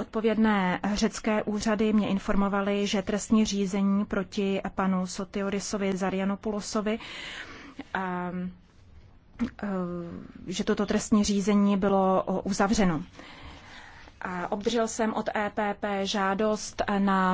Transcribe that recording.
Odpovědné řecké úřady mě informovaly, že trestní řízení proti panu Sotiorisovi Zarianopulosovi a, ehm, ehm, že toto trestní řízení bylo uzavřeno. A obdržel jsem od EPP žádost na